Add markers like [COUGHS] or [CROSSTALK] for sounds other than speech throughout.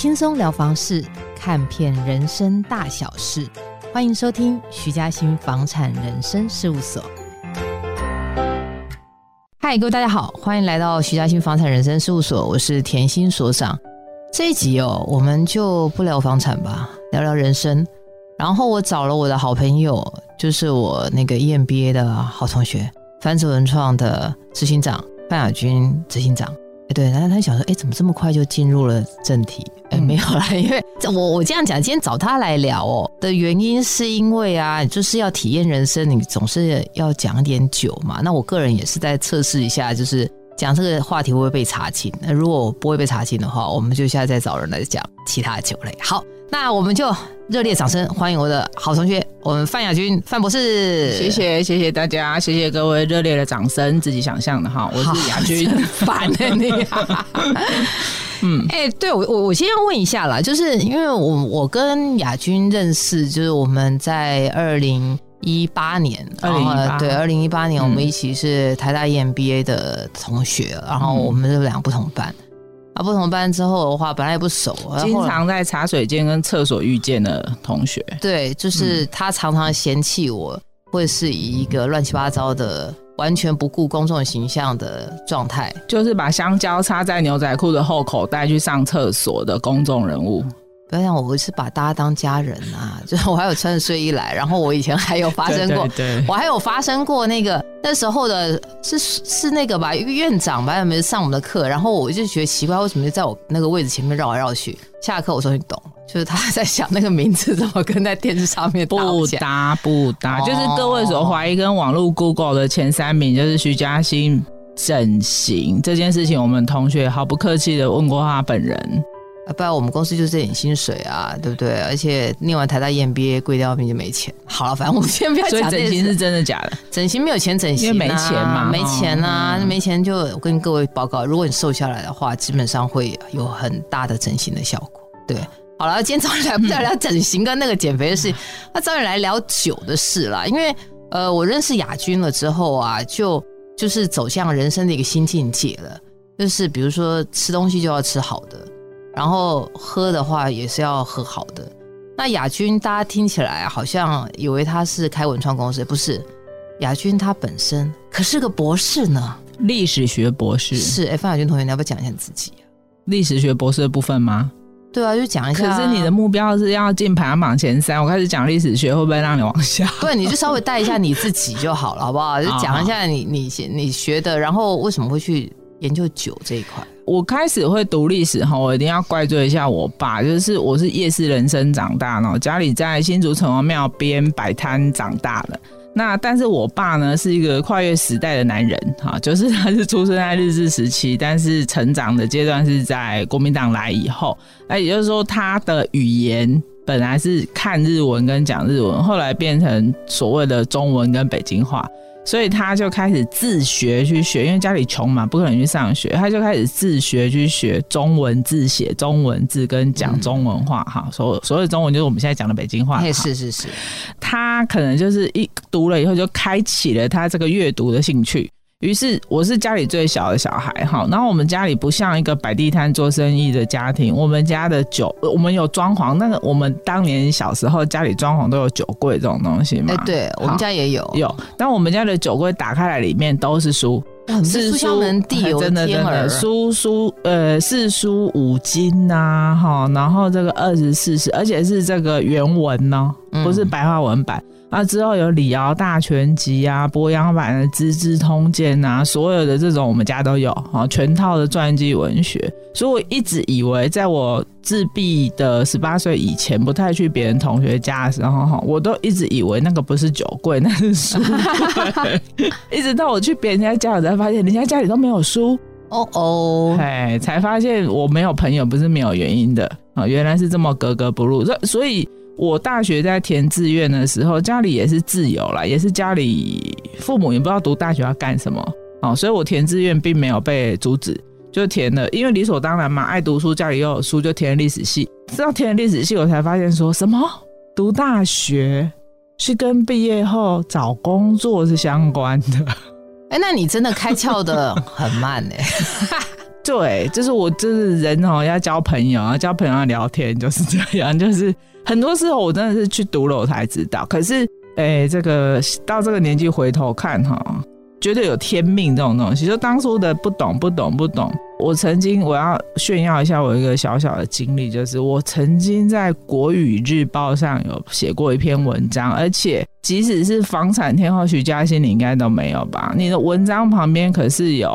輕鬆聊房事，看遍人生大小事，歡迎收聽徐家欣房產人生事務所。Hi，各位大家好，歡迎來到徐家欣房產人生事務所，我是甜心所長。這一集哦，我們就不聊房產吧，聊聊人生。然後我找了我的好朋友，就是我那個 EMBA 的好同學，凡止文創的執行長范雅鈞執行長。對，然後他想說，哎，怎麼這麼快就進入了正題？哎，沒有啦，因為我我這樣講，今天找他來聊哦的原因是因為啊，就是要體驗人生，你總是要講點酒嘛。那我個人也是在測試一下，就是講這個話題會不會被查清。那如果我不會被查清的話，我們就現在再找人來講其他酒類。好，那我們就熱烈掌聲歡迎我的好同學，我們范雅鈞范博士，謝謝謝謝大家，謝謝各位熱烈的掌聲，自己想象的哈。好我是雅鈞，煩的、欸、你、啊。 [LAUGHS] 嗯，哎、欸，對我我我先要問一下啦，就是因為我我跟雅鈞認識，就是我們在二零一八年，二零一八，然後呢，對二零一八年我們一起是台大 EMBA 的同學，嗯、然後我們是兩個不同班，啊、嗯、不同班之後的話，本來也不熟，經常在茶水間跟廁所遇見的同學，對，就是他常常嫌棄我會、嗯、是一個亂七八糟的。完全不顧公眾形象的狀態，就是把香蕉插在牛仔褲的後口袋去上廁所的公眾人物。嗯不要像我，不是把大家當家人啊，就是我還有穿着睡衣來，然後我以前還有發生過， [LAUGHS] 對對對，我還有發生過那個那時候的，是是那個吧？一個院長吧，有沒有上我們的課？然後我就覺得奇怪，為什麼就在我那個位置前面繞來繞去？下課我說你懂，就是他在想那個名字怎麼跟在電視上面不搭不搭，不哦、就是各位所懷疑跟網絡 Google 的前三名就是徐嘉欣整形這件事情，我們同學毫不客氣的問過他本人。不然我們公司就是這點薪水啊，對不對？而且另外，台大念 MBA 畢業，貴掉，那邊就沒錢。好了，反正我們今天不要講這，所以整形，是真的假的？整形沒有錢，整形、啊、因為沒錢嘛，沒錢啊，嗯、沒錢，就我跟各位報告，如果你瘦下來的話，基本上會有很大的整形的效果。對，好了，今天早上來不要聊整形跟那個減肥的事情，那、嗯、早上來聊酒的事了。因為呃，我認識雅鈞了之後啊，就就是走向人生的一個新境界了，就是比如說吃東西就要吃好的。然後喝的話也是要喝好的。那雅鈞，大家聽起來好像以為他是開文創公司，不是？雅鈞他本身可是個博士呢，歷史學博士。是，哎、欸，范雅鈞同學，你要不要講一下自己？歷史學博士的部分嗎？對啊，就講一下。可是你的目標是要進排行榜前三，我開始講歷史學，會不會讓你往下？對、啊，你就稍微帶一下你自己就好了，好不好？就講一下你好好你你學的，然後為什麼會去研究酒這一塊？我開始會讀歷史哈，我一定要怪罪一下我爸，就是我是夜市人生長大呢，然後，家裡在新竹城隍廟邊擺攤長大的。那但是我爸呢是一個跨越時代的男人哈，就是他是出生在日治時期，但是成長的階段是在國民黨來以後。那也就是說，他的語言本來是看日文跟講日文，後來變成所謂的中文跟北京話。所以他就開始自學去學，因為家裡窮嘛，不可能去上學，他就開始自學去學中文字、寫中文字跟講中文話哈，所、嗯、所有的中文就是我們現在講的北京話。也、欸、是是是，他可能就是一讀了以後就開啟了他這個閱讀的興趣。於是我是家裡最小的小孩哈，然後我們家裡不像一個擺地攤做生意的家庭，我們家的酒，我們有裝潢，那個我們當年小時候家裡裝潢都有酒櫃這種東西嘛？欸、對好我們家也有有，但我們家的酒櫃打開來裡面都是書，四書還真的真的，書書呃四書五經吶哈，然後這個二十四史，而且是這個原文呢、哦，不是白話文版。嗯啊，之後有李敖大全集啊，柏楊版的《資治通鑑》啊，所有的這種我們家都有全套的傳記文學。所以我一直以為，在我自閉的十八歲以前，不太去別人同學家的時候哈，我都一直以為那個不是酒櫃，那是書。 [LAUGHS] [LAUGHS] 一直到我去別人家家，我才發現人家家裡都沒有書。哦哦、oh oh.，嘿才發現我沒有朋友不是沒有原因的啊，原來是這麼格格不入。所以。我大學在填志願的時候，家裡也是自由啦，也是家裡父母也不知道讀大學要幹什麼哦，所以我填志願並沒有被阻止，就填了，因為理所當然嘛，愛讀書，家裡又有書，就填了歷史系。直到填了歷史系，我才發現說什麼讀大學是跟畢業後找工作是相關的。哎，欸，那你真的開竅得很慢哎，欸。 [LAUGHS] 對，就是我，就是人哦，要交朋友，要交朋友，要聊天，就是這樣，就是很多時候我真的是去讀了，我才知道。可是，哎、欸，這個到這個年紀回頭看哈，絕對有天命這種東西。就當初的不懂、不懂、不懂，我曾經我要炫耀一下我一個小小的經歷，就是我曾經在《國語日報》上有寫過一篇文章，而且即使是房產天后徐嘉欣，你應該都沒有吧？你的文章旁邊可是有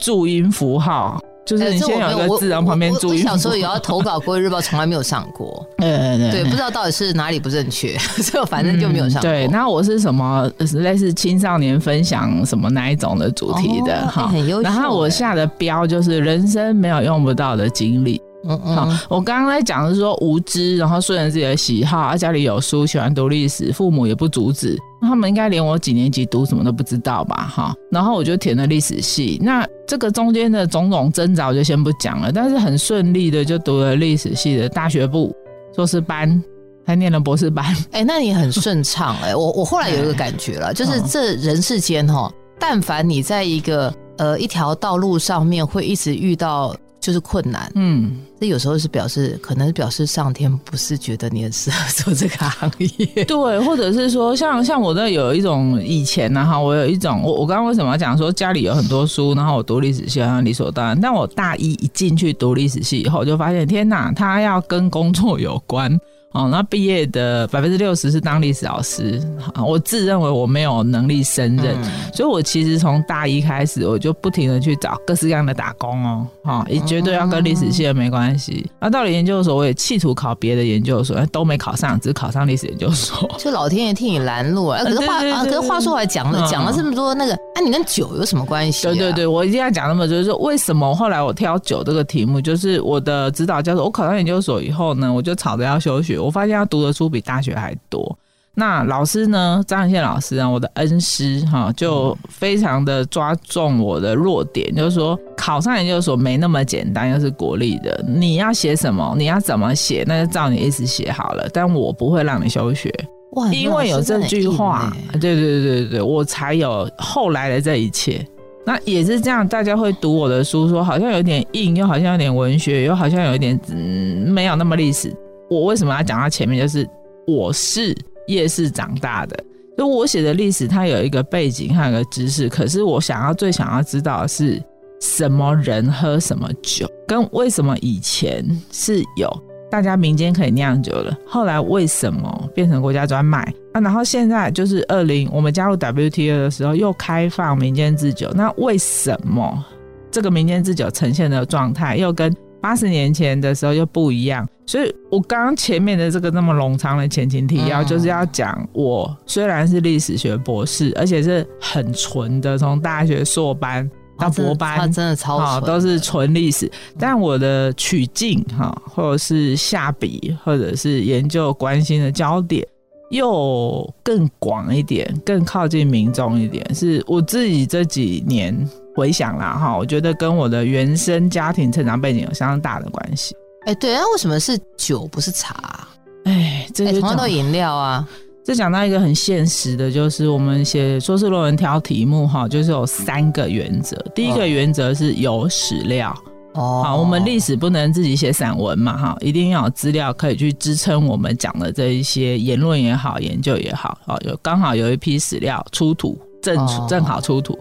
注音符號。就是你先有一個字，然後旁邊注音我、欸我我我我。我小時候有要投稿過日報，從來沒有上過。 [LAUGHS] 對對對，對，不知道到底是哪裡不正確，所以我反正就沒有上過、嗯對。那我是什麼？類似青少年分享什麼哪一種的主題的？哈、哦欸，很優秀、欸。然後我下的標就是人生沒有用不到的經歷。嗯嗯好，我剛剛在講的是說無知，然後順着自己的喜好，家裡有書，喜歡讀歷史，父母也不阻止。那他們應該連我幾年級讀什麼都不知道吧？哈，然後我就填了歷史系。那這個中間的種種掙扎我就先不講了，但是很順利的就讀了歷史系的大學部碩士班，還念了博士班。哎、欸，那你很順暢哎、欸。 [LAUGHS] 我我後來有一個感覺了，對就是這人世間哈、喔，嗯、但凡你在一個呃一條道路上面，會一直遇到。就是困難，嗯，那有時候是表示，可能是表示上天不是覺得你很適合做這個行業，對，或者是說，像像我這，有一種以前呢，哈，我有一種，我我剛剛為什麼要講說家裡有很多書，然後我讀歷史系好像理所當然，但我大一一進去讀歷史系以後，我就發現天哪，他要跟工作有關。哦，那畢業的百分之六十是當歷史老師，我自認為我沒有能力勝任，嗯、所以我其實從大一開始我就不停的去找各式各樣的打工哦，哈、哦，也絕對要跟歷史系的沒關係。嗯、那到了研究所，我也企圖考別的研究所，都沒考上，只考上歷史研究所，就老天爺替你攔路啊，啊！可是話、嗯、對對對啊，可是話說回來，講了、嗯、講了這麼多，那個啊，你跟酒有什麼關係、啊？對對對，我一定要講那麼多，就是說為什麼後來我挑酒這個題目，就是我的指導教授，我考上研究所以後呢，我就吵着要休學。我發現他讀的書比大學還多。那老師呢？張仁憲老師啊，我的恩師哈，就非常的抓重我的弱點，嗯、就是說考上研究所沒那麼簡單。又是國立的，你要寫什麼？你要怎麼寫？那就照你意思寫好了。但我不會讓你休學，哇因為有這句話，對哇、欸、對對對對，我才有後來的這一切。那也是這樣，大家會讀我的書說，說好像有點硬，又好像有點文學，又好像有一點嗯，沒有那麼歷史。我為什麼要講到前面？就是我是夜市長大的，就我寫的歷史，它有一個背景，還有一個知識。可是我想要最想要知道的是什麼人喝什麼酒，跟為什麼以前是有大家民間可以釀酒的，後來為什麼變成國家專賣？那然後現在就是二零我們加入 WTO 的時候又開放民間製酒，那為什麼這個民間製酒呈現的狀態又跟？八十年前的時候又不一樣，所以我剛剛前面的這個那麼冗長的前情提要，嗯、就是要講我雖然是歷史學博士，而且是很純的，從大學碩班到博班，啊、真的超純的、哦、都是純歷史。但我的取徑，哈、哦，或者是下筆，或者是研究關心的焦點，又更廣一點，更靠近民眾一點，是我自己這幾年，回想啦哈，我覺得跟我的原生家庭成長背景有相當大的關係。哎、欸，對啊，那為什麼是酒不是茶？哎，這是講到飲料啊。這講到一個很現實的，就是我們寫碩士論文挑題目哈，就是有三個原則。第一個原則是有史料哦。好，我們歷史不能自己寫散文嘛哈，一定要有資料可以去支撐我們講的這一些言論也好，研究也好。哦，有剛好有一批史料出土，正正好出土。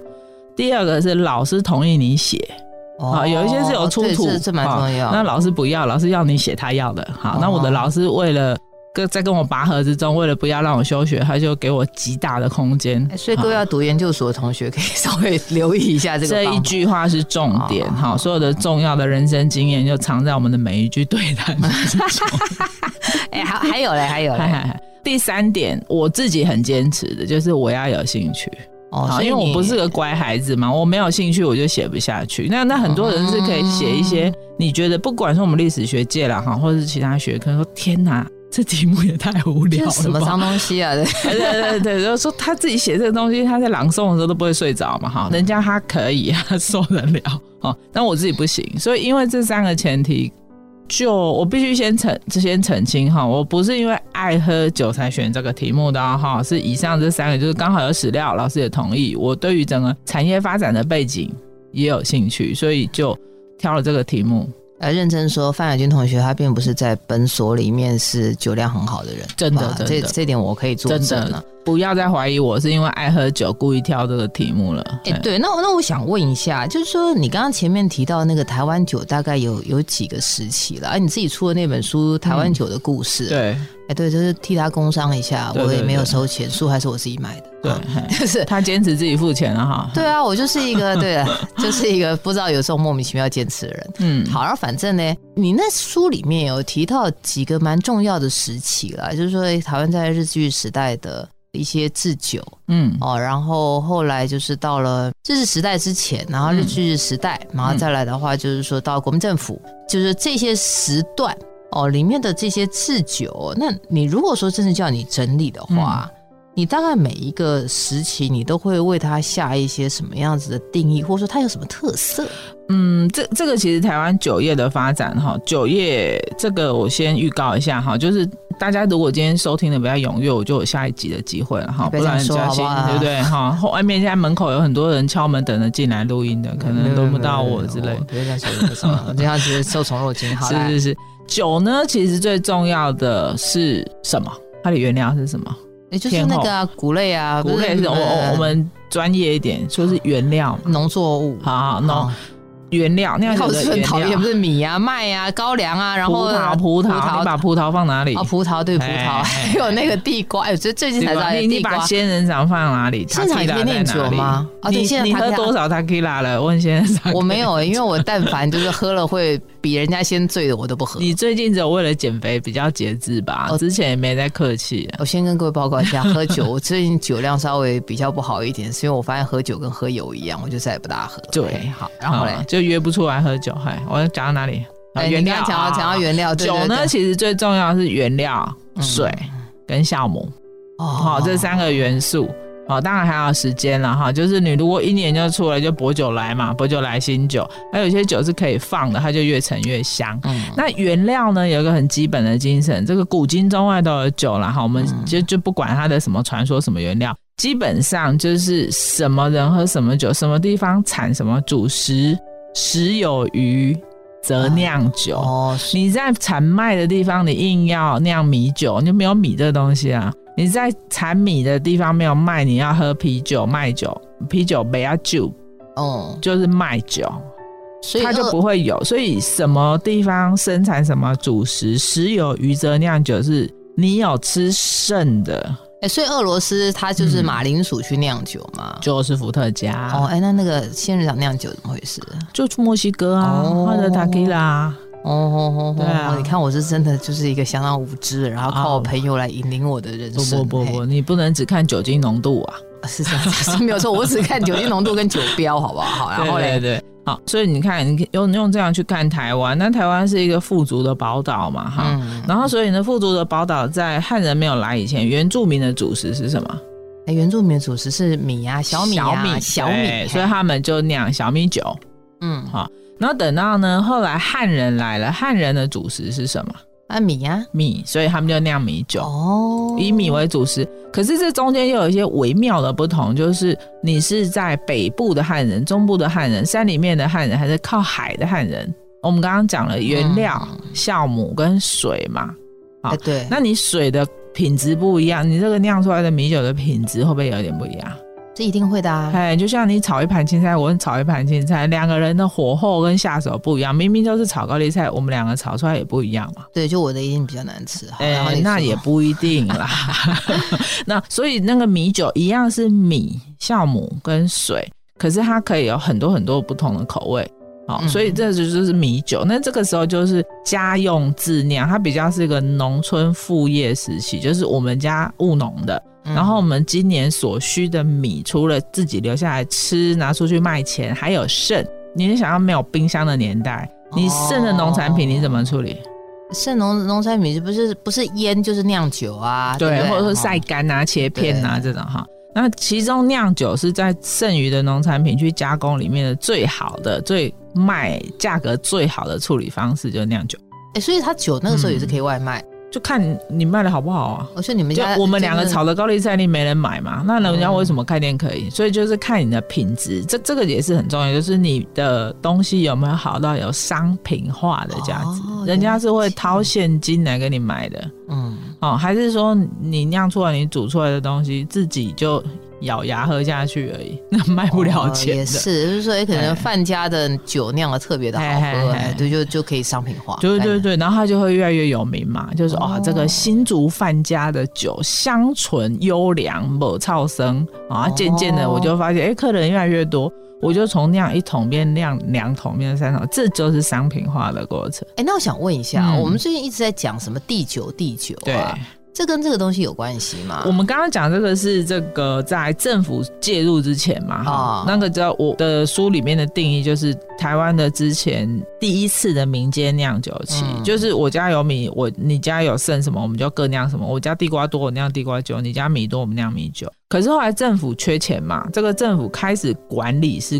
第二個是老師同意你寫，哦，有一些是有出土，哦、這，這蠻重要。那老師不要，老師要你寫他要的。哦、那我的老師為了跟在跟我拔河之中，哦、為了不要讓我休學，他就給我極大的空間，欸。所以，各位要讀研究所的同學好可以稍微留意一下這個。這一句話是重點，哈、哦，所有的重要的人生經驗就藏在我們的每一句對談之中。還還有嘞，還有嘞 [LAUGHS] 第三點，我自己很堅持的，就是我要有興趣。哦、好，因為我不是個乖孩子嘛，我沒有興趣，我就寫不下去。那、那很多人是可以寫一些，嗯、你覺得，不管是我們歷史學界了哈，或者是其他學科，說天哪，這題目也太無聊了，什麼髒東西啊？對對對對，然 [LAUGHS] 說他自己寫這個東西，他在朗誦的時候都不會睡着嘛哈，人家他可以啊，受得了。好，但我自己不行，所以因為這三個前提。就我必須先澄，先澄清哈，我不是因為愛喝酒才選這個題目的哈，是以上這三個就是剛好有史料，老師也同意，我對於整個產業發展的背景也有興趣，所以就挑了這個題目。來認真說，范雅鈞同學他並不是在本所裡面是酒量很好的人，真的，吧真的這這點我可以做證的。不要再懷疑我是因為愛喝酒故意挑這個題目了。哎、欸，對，那那我想問一下，就是說你剛剛前面提到那個台灣酒大概有有幾個時期了？而、啊、你自己出的那本書《台灣酒的故事》嗯。對，哎、欸，對，就是替他工商一下，對對對我也沒有收錢，對對對書還是我自己買的。對，啊、對就是他堅持自己付錢啊，哈。對啊，我就是一個對了，就是一個不知道有時候莫名其妙堅持的人。嗯，好、啊，然後反正呢，你那書裡面有提到幾個蠻重要的時期了，就是說、欸、台灣在日據時代的。一些製酒，嗯，哦，然後後來就是到了日據時代之前，然後日據時代，嗯、然後再來的話就是說到國民政府，嗯、就是這些時段哦裡面的這些製酒，那你如果說真的叫你整理的話。嗯你大概每一個時期，你都會為它下一些什麼樣子的定義，或者說它有什麼特色？嗯，這這個其實台灣酒業的發展哈，酒業這個我先預告一下哈，就是大家如果今天收聽的比較踴躍，我就有下一集的機會了哈，好，不然小心，對不對？哈，外面現在門口有很多人敲門等着進來錄音的， [LAUGHS] 可能輪不到我之類。不要講小聲，不要講小聲，我今天 [LAUGHS] 受寵若驚。好，是是是，酒呢，其實最重要的是什麼？它的原料是什麼？也就是那個穀類啊，穀類我我們專業一點，就是原料、農作物好，農原料。那樣子的原料不是米呀、麥呀、高粱啊，然後把葡萄，你把葡萄放哪裡？哦葡萄對葡萄，還有那個地瓜。哎，我覺得最近才知道，你你把仙人掌放哪裡？仙人掌天天釀酒嗎？你現在喝多少？特基拉了？問仙人掌，我沒有，因為我但凡就是喝了會。比人家先醉的我都不喝。你最近只有為了減肥比較節制吧？我之前也沒在客氣。我先跟各位報告一下，喝酒我最近酒量稍微比較不好一點，所以我發現喝酒跟喝油一樣，我就再也不大喝了。對，好，然後嘞，就約不出來喝酒。嗨，我要講到哪裡？原料，講到原料，酒呢其實最重要是原料、水跟酵母，哦，好，這三個元素。好、哦、當然還有時間了哈。就是你如果一年就出來就薄酒萊嘛，薄酒萊新酒，還有一些酒是可以放的，它就越陳越香。嗯、那原料呢有一個很基本的精神，這個古今中外都有酒了哈、哦。我們就就不管它的什麼傳說什麼原料，嗯、基本上就是什麼人喝什麼酒，什麼地方產什麼主食，食有餘則釀酒。哦、你在產麥的地方，你硬要釀米酒，你就沒有米這個東西啊。你在產米的地方沒有賣，你要喝啤酒、麥酒、啤酒不要、啊、酒，哦、嗯，就是麥酒，所以它就不會有。所以，所以什麼地方生產什麼主食，食有餘則釀酒，是你有吃剩的。哎、欸，所以俄羅斯它就是馬鈴薯去釀酒嘛、嗯，就是伏特加。哦，哎、欸，那那個仙人掌釀酒怎麼回事，啊。就去墨西哥啊，哦、或者塔吉拉。哦吼吼吼！Oh, oh, oh, oh, oh, oh, oh. 你看我是真的就是一個相當無知，然後靠我朋友來引領我的人生。不不不不，你不能只看酒精濃度啊！ [LAUGHS] 啊是是是沒有錯，我只看酒精濃度跟酒標，好不好？好、啊， [LAUGHS] 對對對然後嘞，對好。所以你看，用用這樣去看台灣，那台灣是一個富足的寶島嘛，哈。嗯、然後，所以呢，富足的寶島在漢人沒有來以前，原住民的主食是什麼？哎、欸，原住民的主食是米啊，小米、啊、小米、小米，對欸、所以他們就釀小米酒。嗯，好。那等到呢，後來漢人來了，漢人的主食是什麼？啊，米啊，米，所以他們就釀米酒。哦，以米為主食，可是這中間又有一些微妙的不同，就是你是在北部的漢人、中部的漢人、山裡面的漢人，還是靠海的漢人？我們剛剛講了原料、嗯、酵母跟水嘛，啊，哎、對，那你水的品質不一樣，你這個釀出來的米酒的品質會不會有點不一樣？這一定會的、啊，哎，就像你炒一盤青菜，我們炒一盤青菜，兩個人的火候跟下手不一樣，明明就是炒高麗菜，我們兩個炒出來也不一樣嘛。對，就我的一定比較難吃，哎，欸、那也不一定啦。 [LAUGHS] [LAUGHS] 那所以那個米酒一樣是米、酵母跟水，可是它可以有很多很多不同的口味。好、哦，所以這就就是米酒。嗯、哼那這個時候就是家用自釀，它比較是一個農村副業時期，就是我們家務農的。嗯、哼然後我們今年所需的米，除了自己留下來吃，拿出去賣錢，還有剩。你想要沒有冰箱的年代，你剩的農產品你怎麼處理？哦、剩農農產品是不是不是醃就是釀酒啊？對，對或者說曬乾啊、哦、切片啊對這種哈。哦那其中釀酒是在剩餘的農產品去加工裡面的最好的，最賣價格最好的處理方式，就是釀酒。誒、欸，所以他酒那個時候也是可以外賣。嗯就看你賣的好不好啊！我說、哦、你們家，我們兩個炒的高麗菜你沒人買嘛？嗯、那人家為什麼開店可以？所以就是看你的品質，這這個也是很重要，就是你的東西有沒有好到有商品化的價值，哦、人家是會掏現金來給你買的。嗯，哦，還是說你釀出來、你煮出來的東西自己就。咬牙喝下去而已，那賣不了錢，哦、也是，就是說，欸、可能范家的酒釀的特別的好喝，對，哎哎，就就可以商品化。對對對，呢然後他就會越來越有名嘛。就是哦，哦，這個新竹范家的酒香醇優良，味超生啊。漸漸的，我就發現，哎、哦欸，客人越來越多，我就從釀一桶變釀兩桶，變三桶，這就是商品化的過程。哎、欸，那我想問一下，嗯、我們最近一直在講什麼地酒地酒，啊、對這跟這個東西有關係嗎？我們剛剛講這個是這個在政府介入之前嘛？哦、那個叫我的書裡面的定義就是台灣的之前第一次的民間釀酒期，嗯、就是我家有米，我你家有剩什麼，我們就各釀什麼。我家地瓜多，我釀地瓜酒；你家米多，我們釀米酒。可是後來政府缺錢嘛，這個政府開始管理是，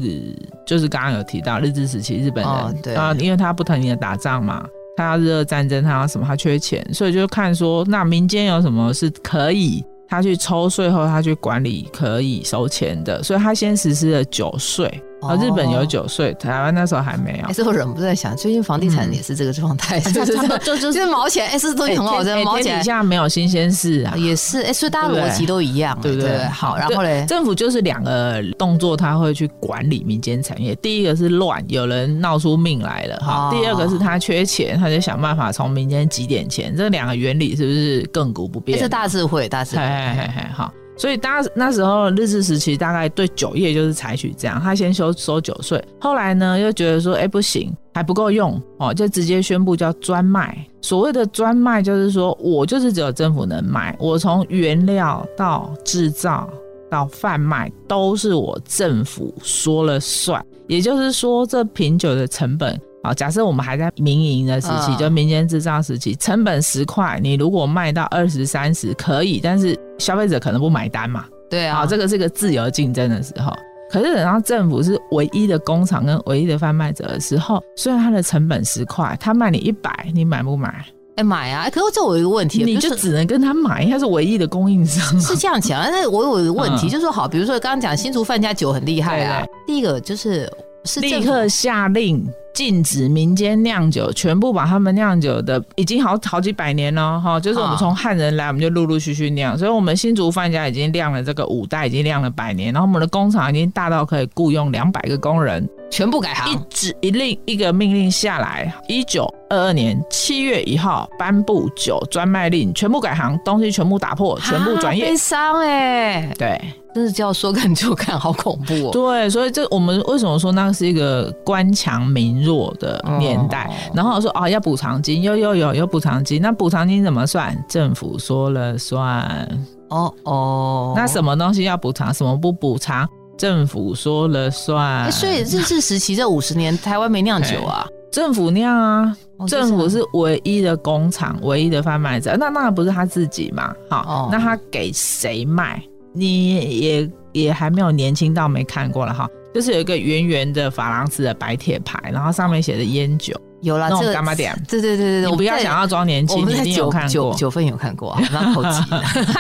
就是剛剛有提到日治時期日本人，啊、哦呃，因為他不疼你的打仗嘛。他要日俄戰爭，他要什麼？他缺錢，所以就看說，那民間有什麼是可以他去抽稅後，他去管理可以收錢的，所以他先實施了酒稅。哦，日本有九歲，台灣那時候還沒有。那時候忍不住在想，最近房地產也是這個狀態，嗯啊，就是就就是毛錢，哎，就是，是都很好在。每天底、欸、下沒有新鮮事啊，也是，哎，欸，所以大家邏輯都一樣，對不對？對，對，對，對？好，然後嘞，政府就是兩個動作，他會去管理民間產業。第一個是亂，有人鬧出命來了，哈。哦，第二個是他缺錢，他就想辦法從民間擠點錢。這兩個原理是不是亘古不變？也、欸、是大智慧，大智慧，嘿，嘿，嘿，好。所以大，大那時候日治時期，大概對酒業就是採取這樣：他先收收酒稅，後來呢又覺得說，哎、欸、不行，還不夠用哦，就直接宣布叫專賣。所謂的專賣，就是說我就是只有政府能賣，我從原料到制造到販賣都是我政府說了算。也就是說，這瓶酒的成本。好，假設我們還在民營的時期，就民間製造時期，嗯、成本十塊，你如果賣到二十三十可以，但是消費者可能不買單嘛。對啊，這個是個自由競爭的時候。可是等到政府是唯一的工廠跟唯一的販賣者的時候，雖然它的成本十塊，他賣你一百，你買不買？哎、欸，買啊！欸、可是我有一個問題，你就只能跟他買，他是唯一的供應商。是這樣講，那我有一個問題，就是說好，比如說剛剛講新竹范家酒很厲害啊，對對對，第一個就是是立刻下令。禁止民間釀酒，全部把他們釀酒的已經好好幾百年了、喔、哈。就是我們從漢人來，我們就陸陸續續釀，所以我們新竹范家已經釀了這個五代，已經釀了百年。然後我們的工廠已經大到可以僱傭兩百個工人，全部改行，一指一令一個命令，令下來。一九二二年七月一號頒布酒專賣令，全部改行，東西全部打破，全部轉業。傷哎、啊，悲欸、對，真的叫說幹就幹，好恐怖哦、喔。對，所以這我們為什麼說那個是一個官強民弱弱的年代，哦、然後我說啊、哦，要補償金，有有有有補償金，那補償金怎麼算？政府說了算。哦哦，哦那什麼東西要補償，什麼不補償，政府說了算。所以日治時期 [LAUGHS] 這五十年，台灣沒釀酒啊，政府釀啊，政府是唯一的工廠，唯一的販賣者，那那不是他自己嘛。好、哦，哦、那他給誰賣？你也也還沒有年輕到沒看過了哈。就是有一個圓圓的琺瑯瓷的白鐵牌，然後上面寫的菸酒，有了啦這幹嘛的？對對對對你不要想要裝年輕，我們看過九份有看過九，九份有看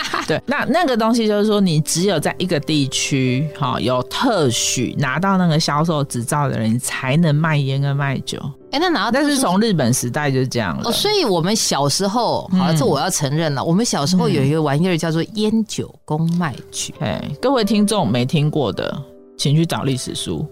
過， [LAUGHS] 對，那那個東西就是說，你只有在一個地區哈有特許拿到那個銷售執照的人，才能賣菸跟賣酒。哎、欸，那拿到那是從日本時代就是這樣了。哦、所以，我們小時候，好，這我要承認了，嗯、我們小時候有一個玩意兒叫做菸酒公賣局。哎，各位聽眾沒聽過的。請去找歷史書。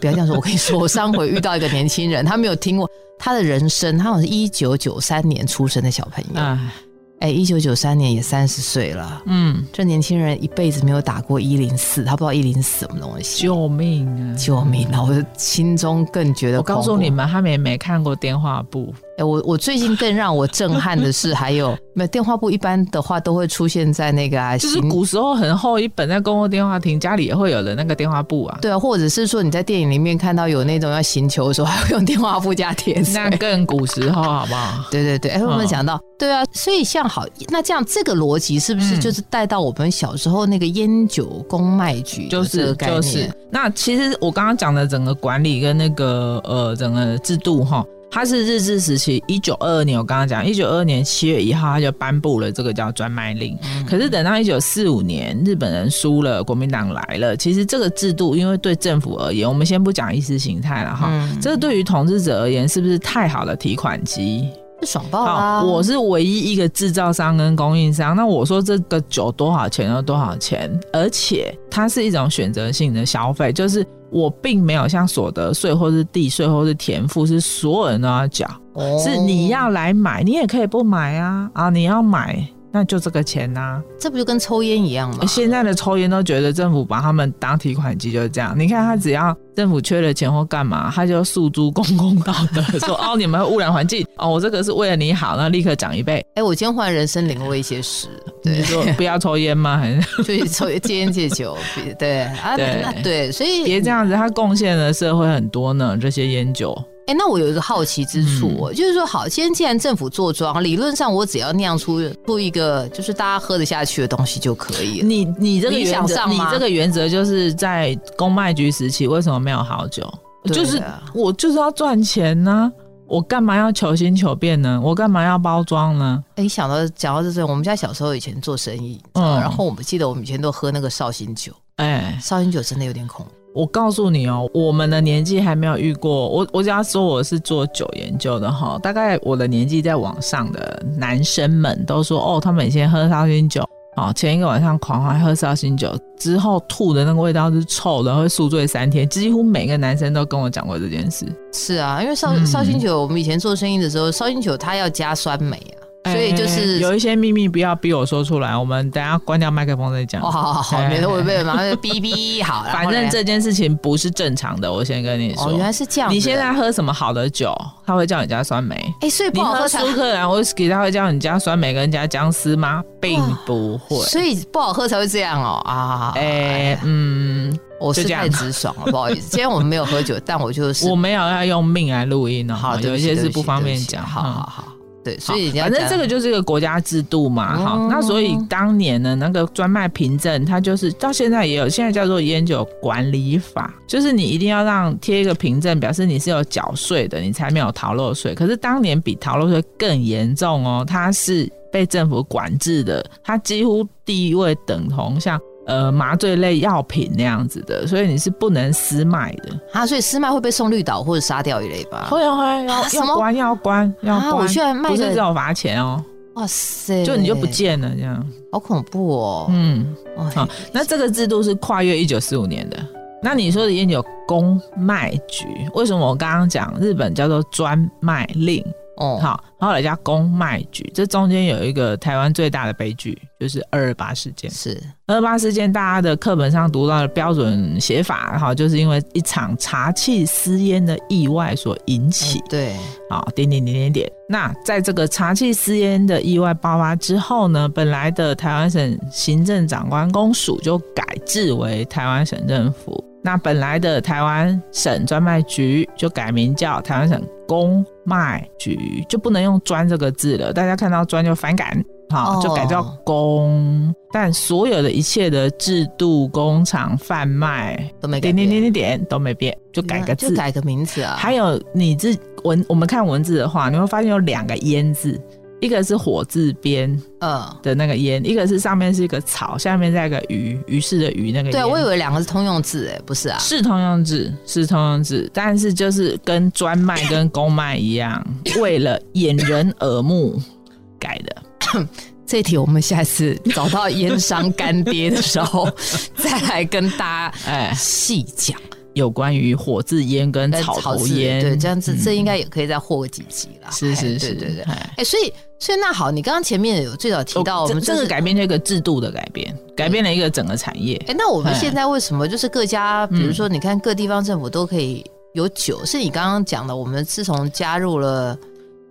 不要這樣說，我跟你說，我上回遇到一個年輕人， [LAUGHS] 他沒有聽過他的人生，他好像是一九九三年出生的小朋友啊，哎唉，一九九三年也三十歲了，嗯，這年輕人一輩子沒有打過一零四，他不知道一零四什麼東西，救命啊！救命啊！我的心中更覺得，我告訴你們，他們也沒看過電話簿。哎、欸，我我最近更讓我震撼的是，還有沒有電話簿？一般的話都會出現在那個、啊、就是古時候很厚一本，在公共電話亭家裡也會有的那個電話簿啊。對啊，或者是說你在電影裡面看到有那種要行球的時候，還會用電話簿加鐵絲。那更古時候，好不好？ [LAUGHS] 對對對，哎、欸，我們講到對啊，所以像好，那這樣這個邏輯是不是就是帶到我們小時候那個菸酒公賣局？就是就是。那其實我剛剛講的整個管理跟那個呃整個制度哈。他是日治時期一九二二年我剛剛講，我剛剛講一九二二年七月一號，他就頒布了這個叫專賣令。嗯、可是等到一九四五年，日本人輸了，國民黨來了，其實這個制度，因為對政府而言，我們先不講意識形態了哈，嗯、這對於統治者而言，是不是太好的提款機？是爽爆，啊哦、我是唯一一個製造商跟供應商。那我說這個酒多少錢就多少錢，而且它是一種選擇性的消費，就是。我並沒有像所得稅或是地稅或是田賦，是所有人都要繳。哦、是你要來買，你也可以不買啊！啊，你要買。那就這個錢吶、啊，這不就跟抽煙一樣嗎？欸？現在的抽煙都覺得政府把他們當提款機，就是這樣。你看他只要政府缺了錢或幹嘛，他就訴諸公共道德， [LAUGHS] 說哦你們污染環境哦，我這個是為了你好，那立刻漲一倍。哎，欸，我今天忽然人生領悟一些事，對，不要抽煙嗎？還是對 [LAUGHS] 就抽戒煙戒酒？對，啊對對，所以別這樣子，他貢獻了社會很多呢，這些煙酒。哎、欸，那我有一個好奇之處，哦、嗯，就是說，好，先既然政府坐莊，理論上我只要釀出出一個就是大家喝得下去的東西就可以了。你你這個原則，你這個原則則就是在公賣局時期為什麼沒有好酒？啊、就是我就是要賺錢呢、啊，我幹嘛要求新求變呢？我幹嘛要包裝呢？哎、欸，想到講到這，我們家小時候以前做生意，嗯，然後我們記得我們以前都喝那個紹興酒，哎、欸，紹興酒真的有點恐怖。我告訴你哦，我們的年紀還沒有遇過。我我只要說我是做酒研究的哈，大概我的年紀在網上的男生們都說哦，他們以前喝紹興酒啊，前一個晚上狂歡喝紹興酒之後吐的那個味道是臭的，會宿醉三天。幾乎每個男生都跟我講過這件事。是啊，因為紹紹興酒，嗯、我們以前做生意的時候，紹興酒它要加酸梅啊。所以就是有一些秘密不要逼我說出來，我們等下關掉麥克風再講。好好，好免得我被馬上嗶嗶。好，反正這件事情不是正常的，我先跟你說。原來是這樣。你現在喝什麼好的酒？他會叫你加酸梅。欸，所以不好喝。蘇格蘭威士忌，他會叫你加酸梅跟加薑絲嗎？並不會。所以不好喝才會這樣哦啊。誒，嗯，我是太直爽了，不好意思。今天我們沒有喝酒，但我就是我沒有要用命來錄音哦。好。有一些是不方便講。好好好。對，所以反正這個就是一個國家制度嘛，好，哦、那所以當年呢，那個專賣憑證，它就是到現在也有，現在叫做菸酒管理法，就是你一定要讓貼一個憑證，表示你是有繳稅的，你才沒有逃漏稅。可是當年比逃漏稅更嚴重哦，它是被政府管制的，它幾乎地位等同像。呃，麻醉類藥品那樣子的，所以你是不能私賣的啊！所以私賣會被送綠島或者殺掉一類吧？會、啊？會啊會啊要、要！要關要關、啊、要關，我居然賣，不是要罰錢哦！哇塞，就你就不見了這樣，好恐怖哦！嗯，好，哇塞，那這個制度是跨越一九四五年的。哇塞，那你說的也有公賣局，為什麼我剛剛講日本叫做專賣令？哦，好，然後來叫公賣局。這中間有一個台灣最大的悲劇，就是二二八事件。是二二八事件，大家的課本上讀到的標準寫法，然後就是因為一場查緝私菸的意外所引起。嗯、對，好，點點點點點。那在這個查緝私菸的意外爆發之後呢，本來的台灣省行政長官公署就改制為台灣省政府。那本來的台灣省專賣局就改名叫台灣省公賣局，就不能用“專”這個字了。大家看到“專”就反感，好、哦、就改叫“公”、哦。但所有的一切的制度、工廠、販賣都沒變，點點點點點都沒變，就改個字，嗯、改個名字啊。還有你這文，我們看文字的話，你會發現有兩個“煙”字。一個是火字邊，呃，的那個煙；嗯、一個是上面是一個草，下面是一個於，於是的於那個。對，我以為兩個是通用字，哎，不是啊，是通用字，是通用字，但是就是跟專賣、跟公賣一樣， [COUGHS] 為了掩人耳目 [COUGHS] 改的。這一題我們下次找到菸商乾爹的時候， [LAUGHS] 再來跟大家細講。欸有關於火製煙跟，跟草頭煙，對這樣子，嗯、這應該也可以再火個幾集啦。是是是對對哎嘿、欸，所以所以那好，你剛剛前面有最早提到，我們、就是哦、這是、這個、改變一個制度的改變，改變了一個整個產業。哎、嗯欸，那我們現在為什麼就是各家，嗯、比如說你看各地方政府都可以有酒，是你剛剛講的，我們自從加入了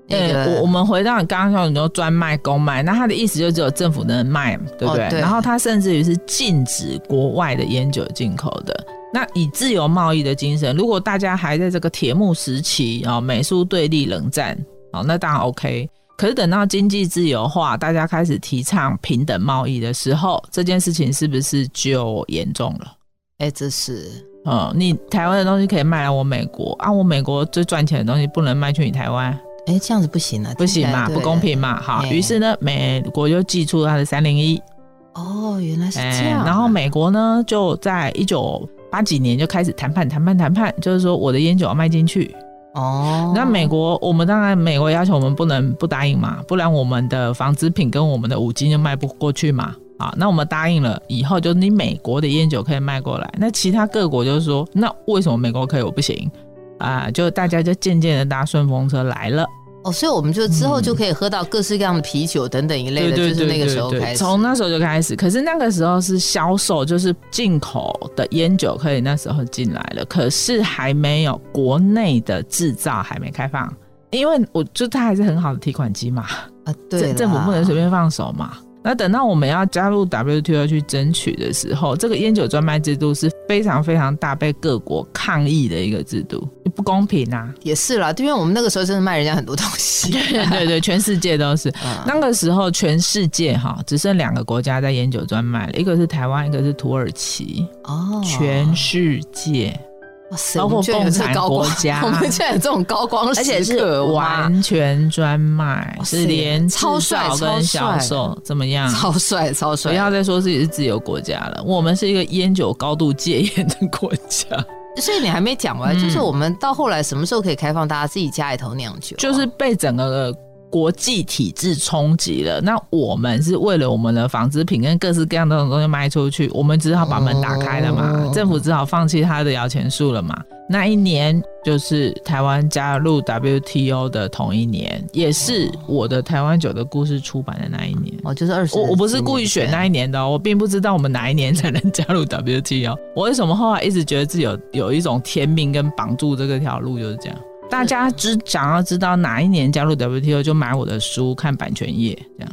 那個欸、我，我們回到你剛剛說你說專賣公賣，那它的意思就是只有政府能賣，對不對？哦、對，然後它甚至於是禁止國外的煙酒進口的。那以自由貿易的精神，如果大家還在這個鐵幕時期啊，美蘇對立、冷戰啊，那當然 OK。可是等到經濟自由化，大家開始提倡平等貿易的時候，這件事情是不是就嚴重了？哎、欸，這是嗯，你台灣的東西可以賣來我美國啊，我美國最賺錢的東西不能賣去你台灣？哎、欸，這樣子不行了、啊，不行嘛，了不公平嘛。好，於、欸、是呢，美國就祭出他的三零一。哦，原來是這樣、啊欸。然後美國呢，就在一九。八幾年就開始談判，談判，談判，就是說我的菸酒要賣進去哦。Oh. 那美國，我們當然美國要求我們不能不答應嘛，不然我們的紡織品跟我們的五金就賣不過去嘛。啊，那我們答應了以後，就你美國的菸酒可以賣過來，那其他各國就是說，那為什麼美國可以我不行啊？呃，就大家就漸漸的搭順風車來了。哦，所以我們就之後就可以喝到各式各樣的啤酒等等一類的，對對對，就是那個時候開始。從那時候就開始，可是那個時候是銷售，就是進口的菸酒可以那時候進來了，可是還沒有國內的製造還沒開放，因為我就它還是很好的提款機嘛，啊、對，政府不能隨便放手嘛。那等到我們要加入 WTO 去爭取的時候，這個菸酒專賣制度是。非常非常大，被各國抗議的一個制度，不公平啊。也是啦，因為我們那個時候真的賣人家很多東西， [LAUGHS] 對，對對，全世界都是，嗯、那個時候全世界哈，只剩兩個國家在菸酒專賣了，一個是台灣，一個是土耳其，哦，全世界。Oh、shit, 包括共產國家，我們現在有這種高光，而且是完全專賣，oh、shit, 是連小超帥、超帥，怎麼樣？超帥、超帥！不要再說自己是自由國家了，我們是一個菸酒高度戒嚴的國家。所以你還沒講完，嗯、就是我們到後來什麼時候可以開放大家自己家裡頭釀酒、啊？就是被整個。國際體制衝擊了，那我們是為了我們的紡織品跟各式各樣的東西賣出去，我們只好把門打開了嘛。哦，政府只好放棄他的搖錢樹了嘛。那一年就是台灣加入 WTO 的同一年，也是我的《台灣酒的故事》出版的那一年。哦，就是二十。我我不是故意選那一年的哦，我並不知道我們哪一年才能加入 WTO。我為什麼後來一直覺得自己有有一種天命跟綁住這個條路，就是這樣。大家只想要知道哪一年加入 WTO，就買我的書看版權頁，這樣。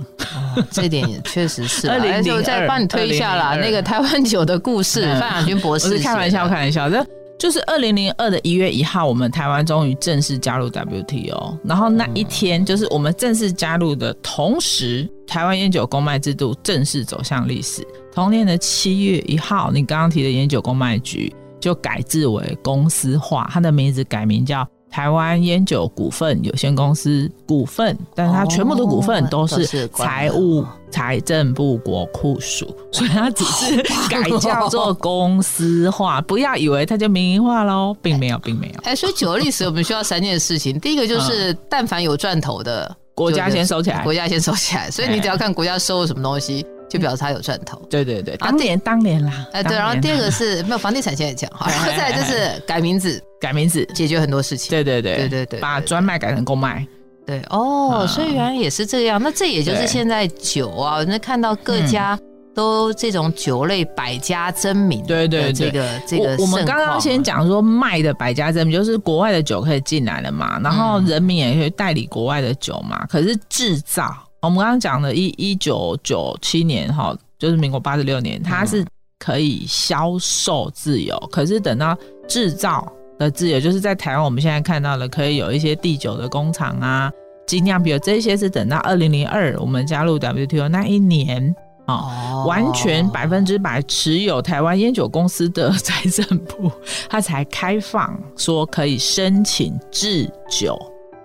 哦、這點也確實是、啊。二零零二。再幫你推一下啦。那個台灣酒的故事，范雅鈞博士。我開玩笑，開玩笑，這就是二零零二的一月一號，我們台灣終於正式加入 WTO。然後那一天，就是我們正式加入的同時，嗯、台灣菸酒公賣制度正式走向歷史。同年的七月一號，你剛剛提的菸酒公賣局就改制為公司化，它的名字改名叫。台灣菸酒股份有限公司股份，但是它全部的股份都是財務財政部國庫署，所以它只是改叫做公司化，不要以為它叫民營化嘍，並沒有，並沒有。哎、欸，所以酒的歷史我們需要三件事情，第一個就是但凡有賺頭的、嗯，國家先收起來，國家先收起來。所以你只要看國家收了什麼東西。就表示他有賺頭，對對對，當年當年啦，哎對，然後第二個是沒有房地產，現在講，然後再就是改名字，改名字解決很多事情，對對對對對對，把專賣改成公賣，對哦，所以原來也是這樣，那這也就是現在酒啊，那看到各家都這種酒類百家爭鳴，對對這個這個，我們剛剛先講說賣的百家爭鳴，就是國外的酒可以進來了嘛，然後人民也可以代理國外的酒嘛，可是製造。我們剛剛講的，一一九九七年哈，就是民國八十六年，它是可以銷售自由，可是等到製造的自由，就是在台灣我們現在看到的，可以有一些地酒的工廠啊，盡量，比如這些是等到二零零二我們加入 WTO 那一年哦，完全百分之百持有台灣菸酒公司的財政部，它才開放說可以申請制酒。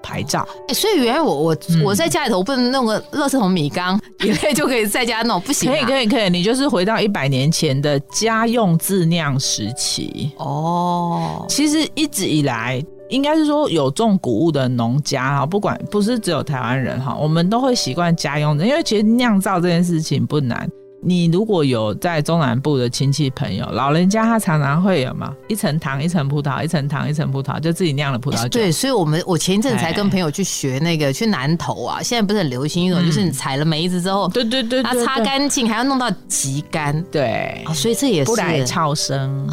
牌照，哎、欸，所以原來我我我在家裡頭不能弄個垃圾桶米缸，應該、嗯、就可以在家弄，不行？可以可以可以，你就是回到一百年前的家用自釀時期哦。其實一直以來，應該是說有種穀物的農家啊，不管不是只有台灣人哈，我們都會習慣家用的，因為其實釀造這件事情不難。你如果有在中南部的親戚朋友，老人家他常常會有嘛，一層糖一層葡萄，一層糖一層葡萄，就自己釀的葡萄酒、欸。對，所以我們我前一陣才跟朋友去學那個，對去南投啊，現在不是很流行一種，嗯、就是你採了梅子之後，對對對，對對對，它擦乾淨還要弄到極乾，對、啊，所以這也是、啊、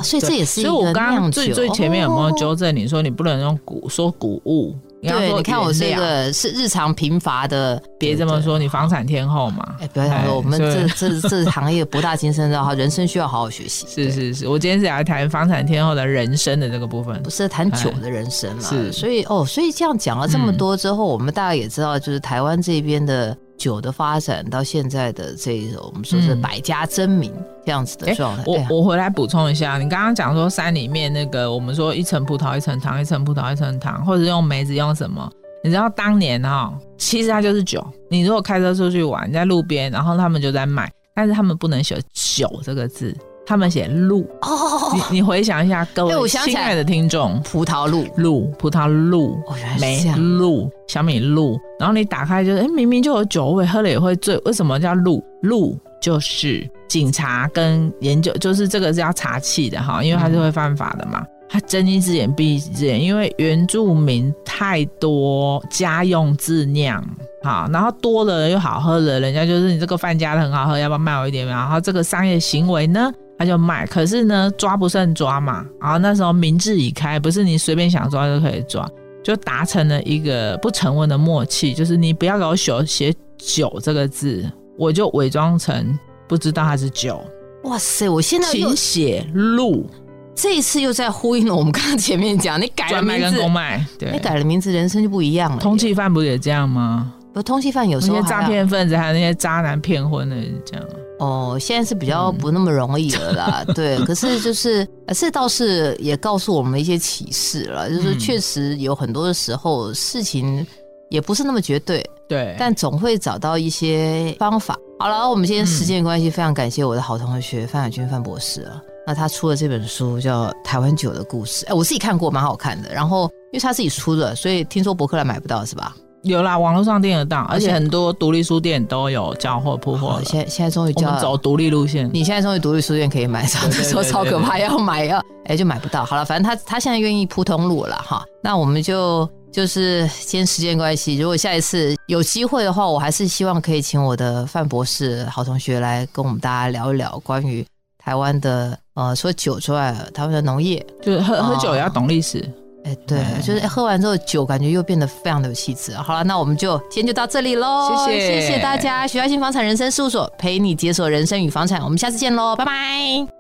所以這也是。所以我剛剛最最前面有沒有糾正你說你不能用穀、哦、說穀物？我對，你看我是一個是日常貧乏的，別這麼說，對對你房產天后嘛。哎、欸，不要想說，唉我們這所以 這這，這行業博大精深的，然後人生需要好好學習。是是是，我今天是來談房產天後的人生的這個部分，不是談酒的人生了。是，所以哦，所以這樣講了這麼多之後，嗯、我們大家也知道，就是台灣這邊的。酒的發展到現在的這一種，我們說是百家爭鳴這樣子的狀態，嗯欸。我我回來補充一下，你剛剛講說山裡面那個，我們說一層葡萄一層糖，一層葡萄一層糖，或者用梅子用什麼。你知道當年哈，其實它就是酒。你如果開車出去玩，在路邊，然後他們就在賣，但是他們不能寫酒這個字。他們寫露」，哦，你你回想一下各位親愛的聽眾，葡萄露露，葡萄露，沒露、小米露，然後你打開就是，哎、欸，明明就有酒味，喝了也會醉，為什麼叫露？露」？就是警察跟研究，就是這個是要查氣的哈，因為它是會犯法的嘛，它睜一隻眼閉一隻眼，因為原住民太多，家用自釀哈，然後多了又好喝了，人家就是你這個飯家的很好喝，要不要賣我一點？然後這個商業行為呢？他就賣，可是呢抓不勝抓嘛，然後那時候民智已開，不是你隨便想抓就可以抓，就達成了一個不成文的默契，就是你不要老朽寫寫酒這個字，我就偽裝成不知道它是酒、嗯。哇塞，我現在又寫路，錄這一次又在呼應我們剛剛前面講，你改了名字，對你改了名字，人生就不一樣了。通緝犯不也這樣嗎？不，通緝犯有時候那些詐騙分子，還有那些渣男騙婚的這樣。哦，現在是比較不那麼容易了啦。嗯、對，可是就是，這 [LAUGHS] 倒是也告訴我們一些啟示了，就是確實有很多的時候事情也不是那麼絕對。對、嗯。但總會找到一些方法。對好了，我們今天時間的關係，非常感謝我的好同學范雅鈞范博士啊。嗯、那他出了這本書叫《台灣酒的故事》，哎、欸，我自己看過，蠻好看的。然後因為他自己出的，所以聽說博客來買不到是吧？有啦，網絡上訂得到，而且,而且很多獨立書店都有交貨鋪貨。現在現在終於我們走獨立路線，你現在終於獨立書店可以買上了，說超可怕要買啊，哎、欸、就買不到。好了，反正他他現在願意鋪通路了哈。那我們就就是，先時間關係，如果下一次有機會的話，我還是希望可以請我的范博士好同學來跟我們大家聊一聊關於台灣的呃，除了酒之外，台灣的農業，就是喝、嗯、喝酒也要懂歷史。哎、欸，對，嗯、就是、欸、喝完之後酒，感覺又變得非常的有氣質。好了，那我們就今天就到這裡嘍，謝謝，謝謝大家。徐嘉欣房產人生事務所陪你解鎖人生與房產，我們下次見嘍，拜拜。